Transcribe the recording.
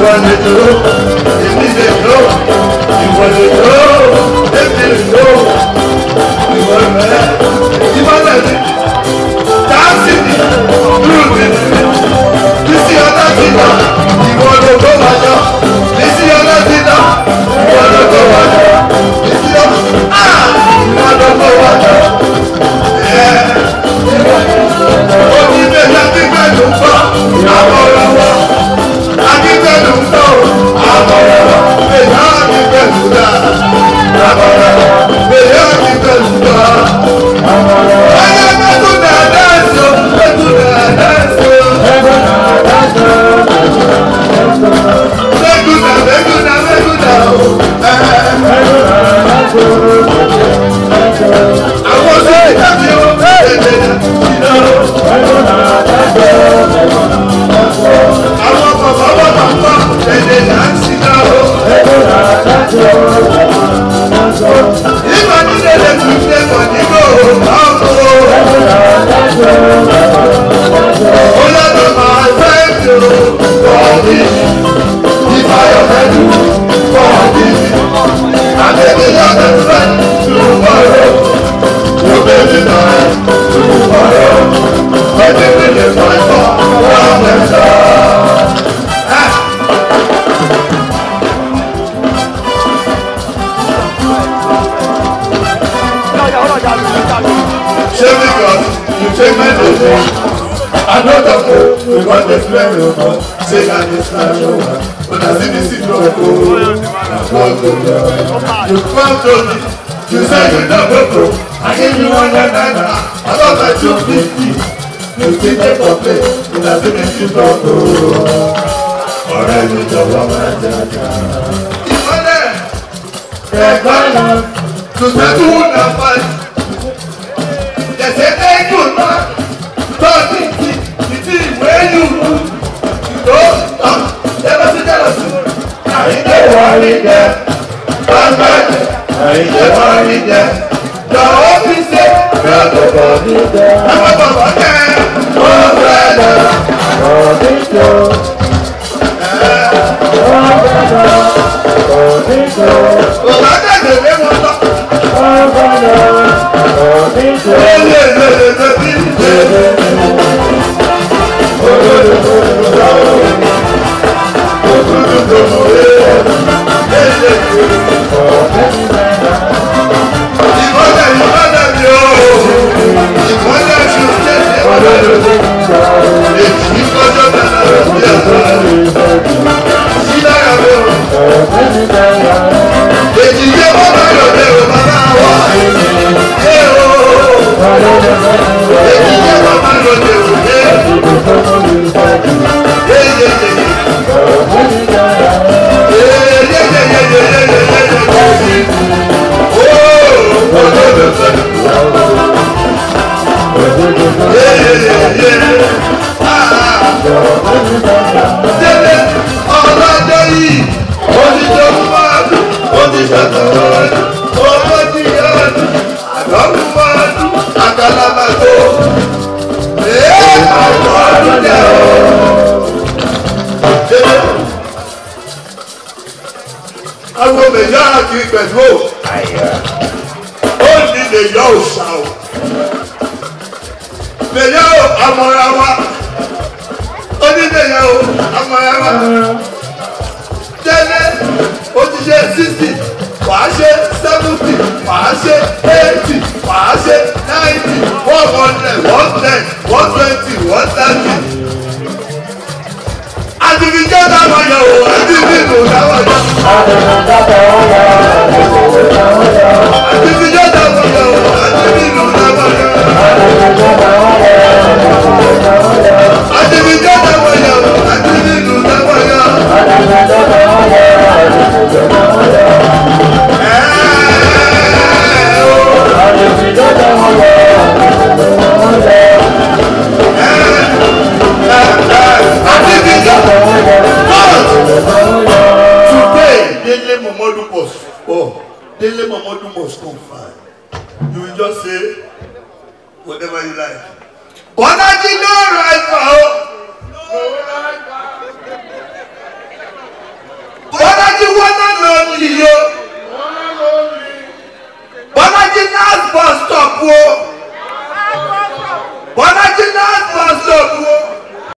want les to, it's mises know, you want Show me God, you change my name. I know the fool. we want the flame of God. Say that it's not your one. But I see the seed of God. You control me. You say you don't go. I give you one another. I thought that you beat me. You see the complaint, but I see the seed of God. Ọ̀rẹ́ mi jọ̀wọ́ máa jàjà. Ìmọ̀lẹ̀ ẹ̀gbọ́n náà, tòṣẹ́ tó wọ́n náà fáyì ìjẹ̀sẹ̀ lẹ́yìn náà tọ́sí ti títí ìwé yùn tó tán jẹ́lọ́sí jẹ́lọ́sí àyíkẹ́ wọlé jẹ́ bàbájẹ àyíkẹ́ wọlé jẹ́ lọ́wọ́ fi ṣe gbàgbọ́ mi jẹ́ àwọn bàbá kẹ́ ó fẹ́ lọ ọ̀dí tó ó fẹ́ lọ ọ̀dí tó. Bàbá Thank òòṣà o bẹ̀yẹ o àmọ̀ra wa onídẹ̀yẹ o àmọ̀ra wa tẹ́lẹ̀ o ti ṣe sixty wàá ṣe seventy wàá ṣe eighty wàá ṣe ninety one hundred one ten one twenty one thirty. àdìbìjẹ́ táwọn yẹ̀ wò àdìbìjẹ́ táwọn yẹ̀ wò. Everybody must confide. You will just say whatever you like. Bọ́lájí náà ra ìfà o. Lọ́wọ́ ra